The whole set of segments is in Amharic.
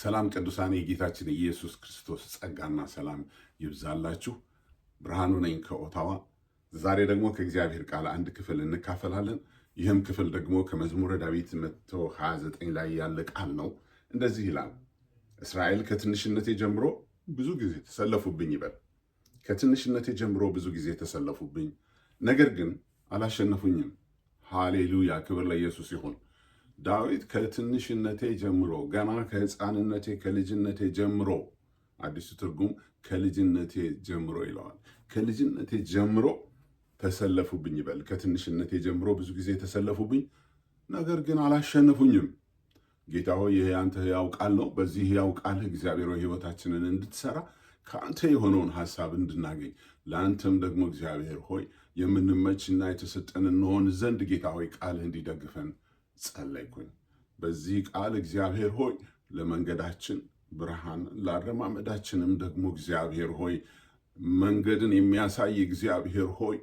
ሰላም ቅዱሳን፣ የጌታችን ኢየሱስ ክርስቶስ ጸጋና ሰላም ይብዛላችሁ። ብርሃኑ ነኝ ከኦታዋ። ዛሬ ደግሞ ከእግዚአብሔር ቃል አንድ ክፍል እንካፈላለን። ይህም ክፍል ደግሞ ከመዝሙረ ዳዊት 129 ላይ ያለ ቃል ነው። እንደዚህ ይላል፣ እስራኤል ከትንሽነቴ ጀምሮ ብዙ ጊዜ ተሰለፉብኝ ይበል። ከትንሽነቴ ጀምሮ ብዙ ጊዜ ተሰለፉብኝ፣ ነገር ግን አላሸነፉኝም። ሃሌሉያ! ክብር ለኢየሱስ ይሁን። ዳዊት ከትንሽነቴ ጀምሮ ገና ከህፃንነቴ ከልጅነቴ ጀምሮ አዲሱ ትርጉም ከልጅነቴ ጀምሮ ይለዋል። ከልጅነቴ ጀምሮ ተሰለፉብኝ ይበል። ከትንሽነቴ ጀምሮ ብዙ ጊዜ ተሰለፉብኝ፣ ነገር ግን አላሸነፉኝም። ጌታ ሆይ ይህ አንተ ሕያው ቃል ነው። በዚህ ሕያው ቃልህ እግዚአብሔር ሕይወታችንን እንድትሰራ ከአንተ የሆነውን ሀሳብ እንድናገኝ ለአንተም ደግሞ እግዚአብሔር ሆይ የምንመችና የተሰጠን እንሆን ዘንድ ጌታ ሆይ ቃልህ እንዲደግፈን ጸለይኩኝ። በዚህ ቃል እግዚአብሔር ሆይ ለመንገዳችን ብርሃን ላረማመዳችንም ደግሞ እግዚአብሔር ሆይ መንገድን የሚያሳይ እግዚአብሔር ሆይ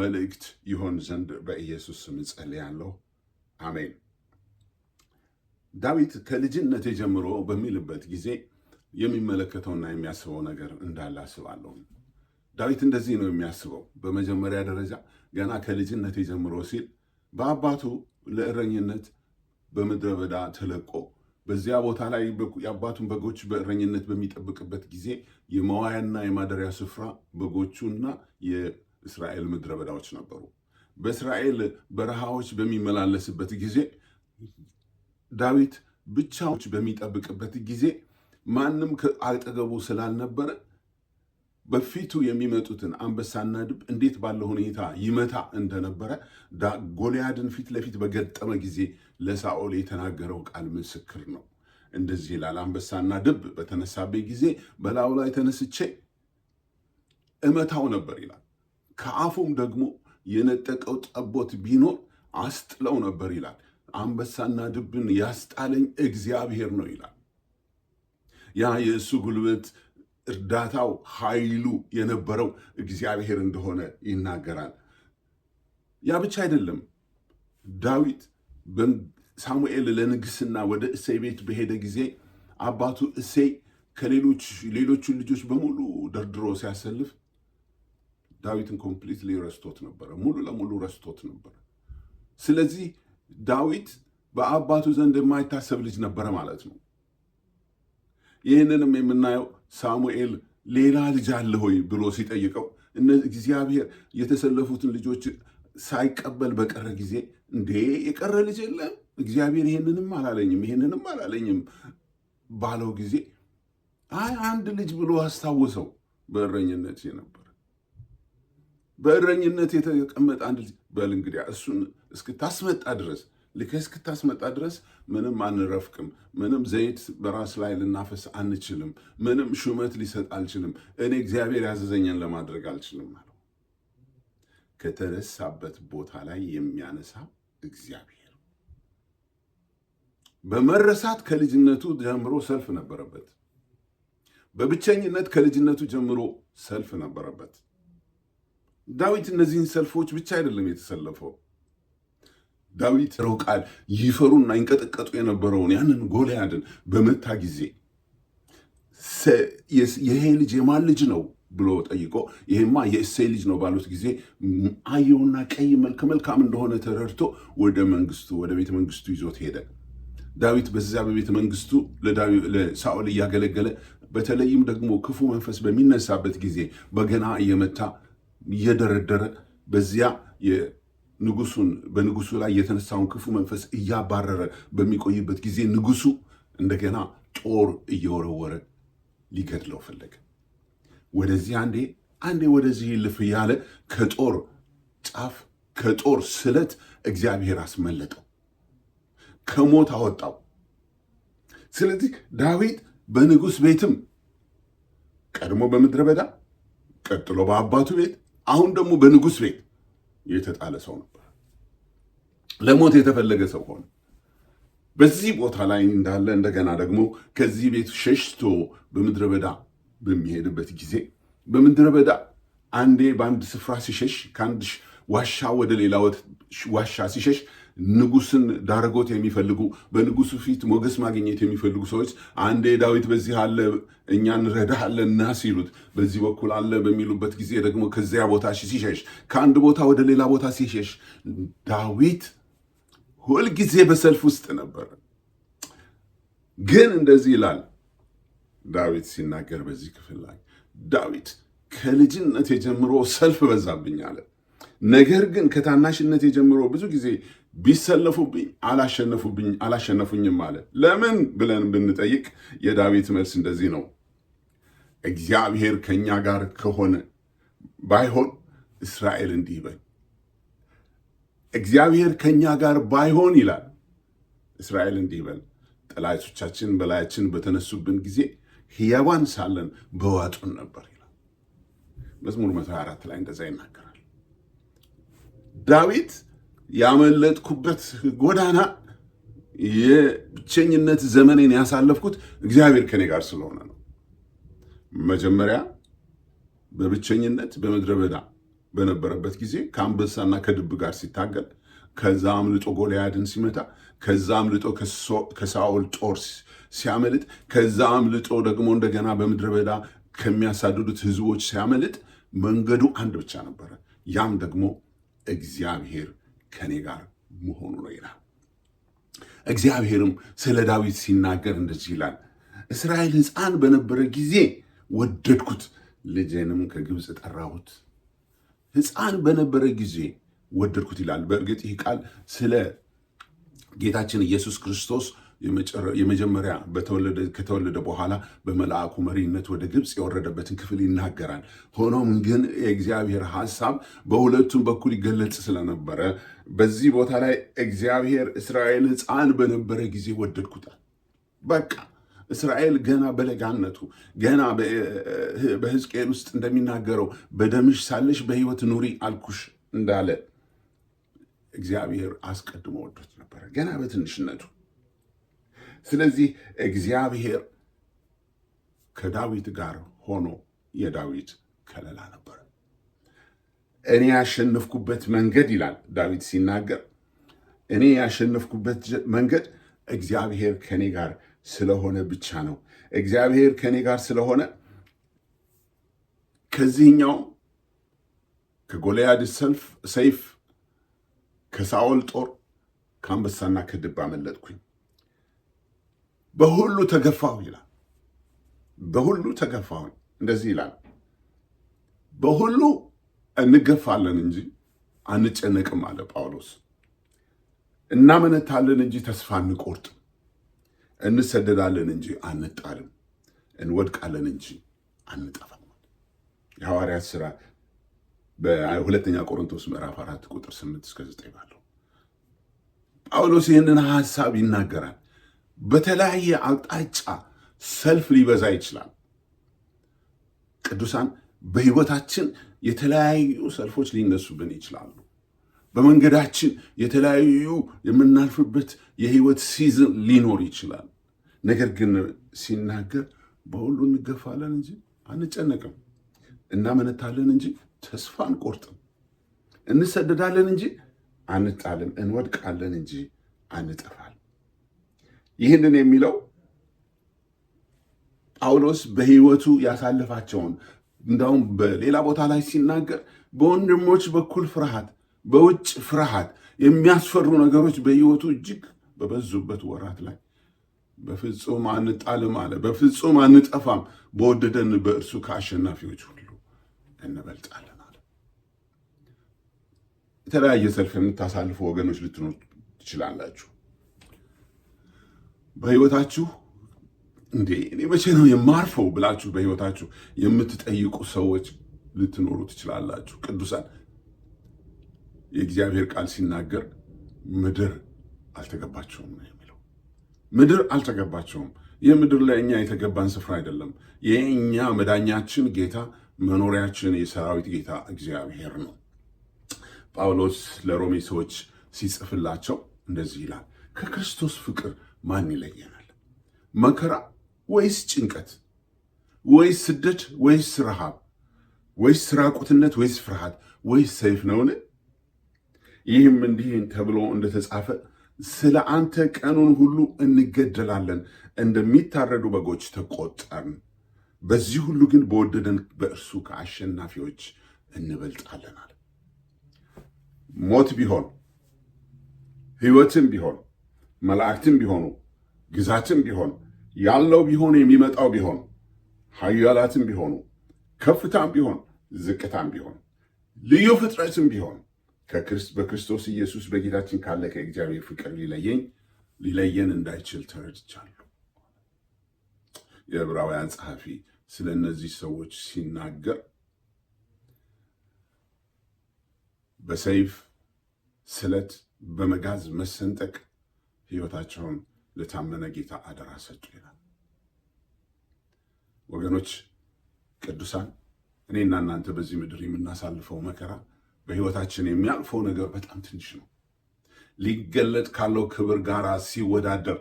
መልእክት ይሆን ዘንድ በኢየሱስ ስም ጸልያለሁ። አሜን። ዳዊት ከልጅነት ጀምሮ በሚልበት ጊዜ የሚመለከተውና የሚያስበው ነገር እንዳለ አስባለሁ። ዳዊት እንደዚህ ነው የሚያስበው። በመጀመሪያ ደረጃ ገና ከልጅነት ጀምሮ ሲል በአባቱ ለእረኝነት በምድረ በዳ ተለቆ በዚያ ቦታ ላይ የአባቱን በጎች በእረኝነት በሚጠብቅበት ጊዜ የመዋያና የማደሪያ ስፍራ በጎቹና የእስራኤል ምድረ በዳዎች ነበሩ። በእስራኤል በረሃዎች በሚመላለስበት ጊዜ ዳዊት ብቻዎች በሚጠብቅበት ጊዜ ማንም አጠገቡ ስላልነበረ በፊቱ የሚመጡትን አንበሳና ድብ እንዴት ባለ ሁኔታ ይመታ እንደነበረ ጎልያድን ፊት ለፊት በገጠመ ጊዜ ለሳኦል የተናገረው ቃል ምስክር ነው። እንደዚህ ይላል፣ አንበሳና ድብ በተነሳበት ጊዜ በላዩ ላይ ተነስቼ እመታው ነበር ይላል። ከአፉም ደግሞ የነጠቀው ጠቦት ቢኖር አስጥለው ነበር ይላል። አንበሳና ድብን ያስጣለኝ እግዚአብሔር ነው ይላል። ያ የእሱ ጉልበት እርዳታው ኃይሉ የነበረው እግዚአብሔር እንደሆነ ይናገራል። ያ ብቻ አይደለም። ዳዊት ሳሙኤል ለንግስና ወደ እሴይ ቤት በሄደ ጊዜ አባቱ እሴይ ከሌሎች ሌሎቹን ልጆች በሙሉ ደርድሮ ሲያሰልፍ ዳዊትን ኮምፕሊትሊ ረስቶት ነበረ፣ ሙሉ ለሙሉ ረስቶት ነበረ። ስለዚህ ዳዊት በአባቱ ዘንድ የማይታሰብ ልጅ ነበረ ማለት ነው። ይህንንም የምናየው ሳሙኤል ሌላ ልጅ አለ ሆይ ብሎ ሲጠይቀው እግዚአብሔር የተሰለፉትን ልጆች ሳይቀበል በቀረ ጊዜ እንዴ የቀረ ልጅ የለም እግዚአብሔር ይህንንም አላለኝም ይህንንም አላለኝም ባለው ጊዜ አይ አንድ ልጅ ብሎ አስታወሰው። በእረኝነት ነበር። በእረኝነት የተቀመጠ አንድ ልጅ በል እንግዲያ እሱን እስክታስመጣ ድረስ ልክ እስክታስመጣ ድረስ ምንም አንረፍቅም። ምንም ዘይት በራስ ላይ ልናፈስ አንችልም። ምንም ሹመት ሊሰጥ አልችልም። እኔ እግዚአብሔር ያዘዘኝን ለማድረግ አልችልም አለው። ከተነሳበት ቦታ ላይ የሚያነሳ እግዚአብሔር በመረሳት ከልጅነቱ ጀምሮ ሰልፍ ነበረበት። በብቸኝነት ከልጅነቱ ጀምሮ ሰልፍ ነበረበት። ዳዊት እነዚህን ሰልፎች ብቻ አይደለም የተሰለፈው ዳዊት ረው ቃል ይፈሩና ይንቀጠቀጡ የነበረውን ያንን ጎልያድን በመታ ጊዜ ይሄ ልጅ የማን ልጅ ነው ብሎ ጠይቆ ይሄማ የእሴ ልጅ ነው ባሉት ጊዜ አየውና ቀይ መልክ መልካም እንደሆነ ተረድቶ ወደ መንግስቱ ወደ ቤተ መንግስቱ ይዞት ሄደ። ዳዊት በዚያ በቤተ መንግስቱ ለሳኦል እያገለገለ በተለይም ደግሞ ክፉ መንፈስ በሚነሳበት ጊዜ በገና እየመታ እየደረደረ በዚያ ንጉሱን በንጉሱ ላይ የተነሳውን ክፉ መንፈስ እያባረረ በሚቆይበት ጊዜ ንጉሱ እንደገና ጦር እየወረወረ ሊገድለው ፈለገ። ወደዚህ አንዴ አንዴ ወደዚህ ልፍ እያለ ከጦር ጫፍ ከጦር ስለት እግዚአብሔር አስመለጠው፣ ከሞት አወጣው። ስለዚህ ዳዊት በንጉስ ቤትም ቀድሞ በምድረ በዳ ቀጥሎ በአባቱ ቤት አሁን ደግሞ በንጉስ ቤት የተጣለ ሰው ነበር። ለሞት የተፈለገ ሰው ሆነ። በዚህ ቦታ ላይ እንዳለ እንደገና ደግሞ ከዚህ ቤት ሸሽቶ በምድረ በዳ በሚሄድበት ጊዜ በምድረ በዳ አንዴ በአንድ ስፍራ ሲሸሽ ከአንድ ዋሻ ወደ ሌላ ዋሻ ሲሸሽ ንጉስን ዳረጎት የሚፈልጉ በንጉሱ ፊት ሞገስ ማግኘት የሚፈልጉ ሰዎች አንዴ ዳዊት በዚህ አለ እኛ እንረዳሃለን ና ሲሉት በዚህ በኩል አለ በሚሉበት ጊዜ ደግሞ ከዚያ ቦታ ሲሸሽ ከአንድ ቦታ ወደ ሌላ ቦታ ሲሸሽ ዳዊት ሁልጊዜ በሰልፍ ውስጥ ነበር። ግን እንደዚህ ይላል ዳዊት ሲናገር በዚህ ክፍል ላይ ዳዊት ከልጅነት የጀምሮ ሰልፍ በዛብኝ አለ። ነገር ግን ከታናሽነት የጀምሮ ብዙ ጊዜ ቢሰለፉብኝ አላሸነፉብኝ አላሸነፉኝም አለ። ለምን ብለን ብንጠይቅ የዳዊት መልስ እንደዚህ ነው። እግዚአብሔር ከእኛ ጋር ከሆነ ባይሆን እስራኤል እንዲህ በል እግዚአብሔር ከእኛ ጋር ባይሆን ይላል እስራኤል እንዲህ በል ጠላቶቻችን በላያችን በተነሱብን ጊዜ ሕያዋን ሳለን በዋጡን ነበር ይላል። መዝሙር 124 ላይ እንደዛ ይናገራል ዳዊት ያመለጥኩበት ጎዳና የብቸኝነት ዘመኔን ያሳለፍኩት እግዚአብሔር ከኔ ጋር ስለሆነ ነው። መጀመሪያ በብቸኝነት በምድረ በዳ በነበረበት ጊዜ ከአንበሳና ከድብ ጋር ሲታገል፣ ከዛ አምልጦ ጎልያድን ሲመታ፣ ከዛ አምልጦ ከሳኦል ጦር ሲያመልጥ፣ ከዛ አምልጦ ደግሞ እንደገና በምድረ በዳ ከሚያሳድዱት ህዝቦች ሲያመልጥ መንገዱ አንድ ብቻ ነበረ። ያም ደግሞ እግዚአብሔር ከኔ ጋር መሆኑ ነው ይላል። እግዚአብሔርም ስለ ዳዊት ሲናገር እንደዚህ ይላል፣ እስራኤል ሕፃን በነበረ ጊዜ ወደድኩት፣ ልጄንም ከግብፅ ጠራሁት። ሕፃን በነበረ ጊዜ ወደድኩት ይላል። በእርግጥ ይህ ቃል ስለ ጌታችን ኢየሱስ ክርስቶስ የመጀመሪያ ከተወለደ በኋላ በመልአኩ መሪነት ወደ ግብፅ የወረደበትን ክፍል ይናገራል። ሆኖም ግን የእግዚአብሔር ሐሳብ በሁለቱም በኩል ይገለጽ ስለነበረ በዚህ ቦታ ላይ እግዚአብሔር እስራኤል ሕፃን በነበረ ጊዜ ወደድኩታል። በቃ እስራኤል ገና በለጋነቱ ገና በሕዝቅኤል ውስጥ እንደሚናገረው በደምሽ ሳለሽ በሕይወት ኑሪ አልኩሽ እንዳለ እግዚአብሔር አስቀድሞ ወዶት ነበረ ገና በትንሽነቱ ስለዚህ እግዚአብሔር ከዳዊት ጋር ሆኖ የዳዊት ከለላ ነበር። እኔ ያሸነፍኩበት መንገድ ይላል ዳዊት ሲናገር፣ እኔ ያሸነፍኩበት መንገድ እግዚአብሔር ከኔ ጋር ስለሆነ ብቻ ነው። እግዚአብሔር ከኔ ጋር ስለሆነ ከዚህኛው ከጎልያድ ሰልፍ ሰይፍ ከሳኦል ጦር ከአንበሳና ከድብ አመለጥኩኝ። በሁሉ ተገፋሁ ይላል። በሁሉ ተገፋሁ እንደዚህ ይላል። በሁሉ እንገፋለን እንጂ አንጨነቅም አለ ጳውሎስ። እናመነታለን እንጂ ተስፋ አንቆርጥም። እንሰደዳለን እንጂ አንጣልም። እንወድቃለን እንጂ አንጠፋም። የሐዋርያት ሥራ በሁለተኛ ቆሮንቶስ ምዕራፍ አራት ቁጥር ስምንት እስከ ዘጠኝ ባለው ጳውሎስ ይህንን ሐሳብ ይናገራል። በተለያየ አቅጣጫ ሰልፍ ሊበዛ ይችላል። ቅዱሳን በህይወታችን የተለያዩ ሰልፎች ሊነሱብን ይችላሉ። በመንገዳችን የተለያዩ የምናልፍበት የህይወት ሲዝን ሊኖር ይችላል። ነገር ግን ሲናገር በሁሉ እንገፋለን እንጂ አንጨነቅም፣ እናመነታለን እንጂ ተስፋ አንቆርጥም፣ እንሰደዳለን እንጂ አንጣልም፣ እንወድቃለን እንጂ አንጠፋ ይህንን የሚለው ጳውሎስ በሕይወቱ ያሳለፋቸውን እንዳውም በሌላ ቦታ ላይ ሲናገር በወንድሞች በኩል ፍርሃት፣ በውጭ ፍርሃት የሚያስፈሩ ነገሮች በሕይወቱ እጅግ በበዙበት ወራት ላይ በፍጹም አንጣልም አለ። በፍጹም አንጠፋም፣ በወደደን በእርሱ ከአሸናፊዎች ሁሉ እንበልጣለን አለ። የተለያየ ሰልፍ የምታሳልፉ ወገኖች ልትኖር ትችላላችሁ። በህይወታችሁ እንዴ እኔ መቼ ነው የማርፈው ብላችሁ በህይወታችሁ የምትጠይቁ ሰዎች ልትኖሩ ትችላላችሁ። ቅዱሳን የእግዚአብሔር ቃል ሲናገር ምድር አልተገባቸውም ነው የሚለው። ምድር አልተገባቸውም። ይህ ምድር ለእኛ የተገባን ስፍራ አይደለም። የእኛ መዳኛችን ጌታ፣ መኖሪያችን የሰራዊት ጌታ እግዚአብሔር ነው። ጳውሎስ ለሮሜ ሰዎች ሲጽፍላቸው እንደዚህ ይላል ከክርስቶስ ፍቅር ማን ይለየናል? መከራ ወይስ ጭንቀት ወይስ ስደት ወይስ ረሃብ ወይስ ራቁትነት ወይስ ፍርሃት ወይስ ሰይፍ ነውን? ይህም እንዲህ ተብሎ እንደተጻፈ ስለ አንተ ቀኑን ሁሉ እንገደላለን፣ እንደሚታረዱ በጎች ተቆጠርን። በዚህ ሁሉ ግን በወደደን በእርሱ ከአሸናፊዎች እንበልጣለን አለ። ሞት ቢሆን ሕይወትም ቢሆን መላእክትም ቢሆኑ ግዛትም ቢሆን ያለው ቢሆን የሚመጣው ቢሆን ኃያላትም ቢሆኑ ከፍታም ቢሆን ዝቅታም ቢሆን ልዩ ፍጥረትም ቢሆን በክርስቶስ ኢየሱስ በጌታችን ካለ ከእግዚአብሔር ፍቅር ሊለየኝ ሊለየን እንዳይችል ተረድቻለሁ። የዕብራውያን ጸሐፊ ስለ እነዚህ ሰዎች ሲናገር በሰይፍ ስለት፣ በመጋዝ መሰንጠቅ ህይወታቸውን ለታመነ ጌታ አደራ ሰጡ ይላል። ወገኖች ቅዱሳን፣ እኔና እናንተ በዚህ ምድር የምናሳልፈው መከራ በህይወታችን የሚያልፈው ነገር በጣም ትንሽ ነው። ሊገለጥ ካለው ክብር ጋር ሲወዳደር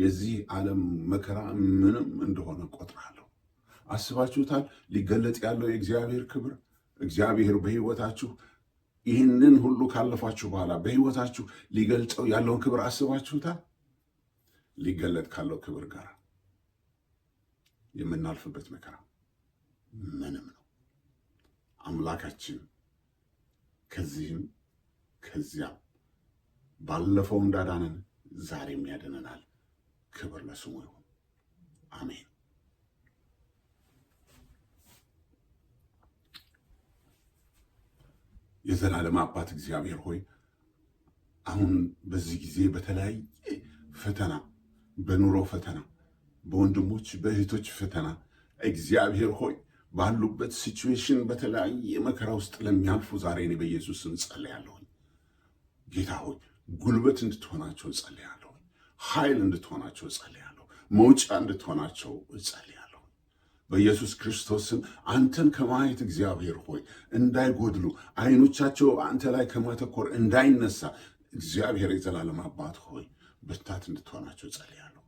የዚህ ዓለም መከራ ምንም እንደሆነ ቆጥራለሁ። አስባችሁታል? ሊገለጥ ያለው የእግዚአብሔር ክብር እግዚአብሔር በህይወታችሁ ይህንን ሁሉ ካለፋችሁ በኋላ በህይወታችሁ ሊገልጸው ያለውን ክብር አስባችሁታል? ሊገለጥ ካለው ክብር ጋር የምናልፍበት መከራ ምንም ነው። አምላካችን ከዚህም ከዚያም ባለፈው እንዳዳነን ዛሬም ያደነናል። ክብር ለስሙ ይሁን፣ አሜን። የዘላለም አባት እግዚአብሔር ሆይ አሁን በዚህ ጊዜ በተለያየ ፈተና፣ በኑሮ ፈተና፣ በወንድሞች በእህቶች ፈተና እግዚአብሔር ሆይ ባሉበት ሲችዌሽን በተለያየ መከራ ውስጥ ለሚያልፉ ዛሬ እኔ በኢየሱስ ስም ጸልያለሁኝ። ጌታ ሆይ ጉልበት እንድትሆናቸው ጸልያለሁ። ኃይል እንድትሆናቸው ጸልያለሁ። መውጫ እንድትሆናቸው ጸልያለሁ። በኢየሱስ ክርስቶስ ስም አንተን ከማየት እግዚአብሔር ሆይ እንዳይጎድሉ አይኖቻቸው አንተ ላይ ከማተኮር እንዳይነሳ እግዚአብሔር የዘላለም አባት ሆይ ብርታት እንድትሆናቸው ጸልያለሁ።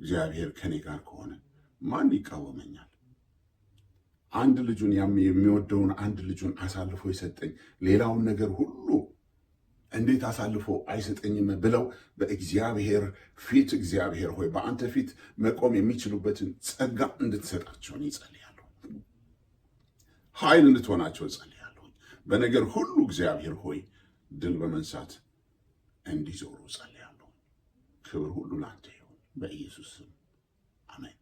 እግዚአብሔር ከኔ ጋር ከሆነ ማን ይቃወመኛል? አንድ ልጁን የሚወደውን አንድ ልጁን አሳልፎ የሰጠኝ ሌላውን ነገር ሁሉ እንዴት አሳልፎ አይሰጠኝም ብለው በእግዚአብሔር ፊት እግዚአብሔር ሆይ በአንተ ፊት መቆም የሚችሉበትን ጸጋ እንድትሰጣቸውን ይጸልያለሁ። ኃይል እንድትሆናቸው እጸልያለሁ። በነገር ሁሉ እግዚአብሔር ሆይ ድል በመንሳት እንዲዞሩ እጸልያለሁ። ክብር ሁሉ ላንተ ይሁን፣ በኢየሱስ ስም አሜን።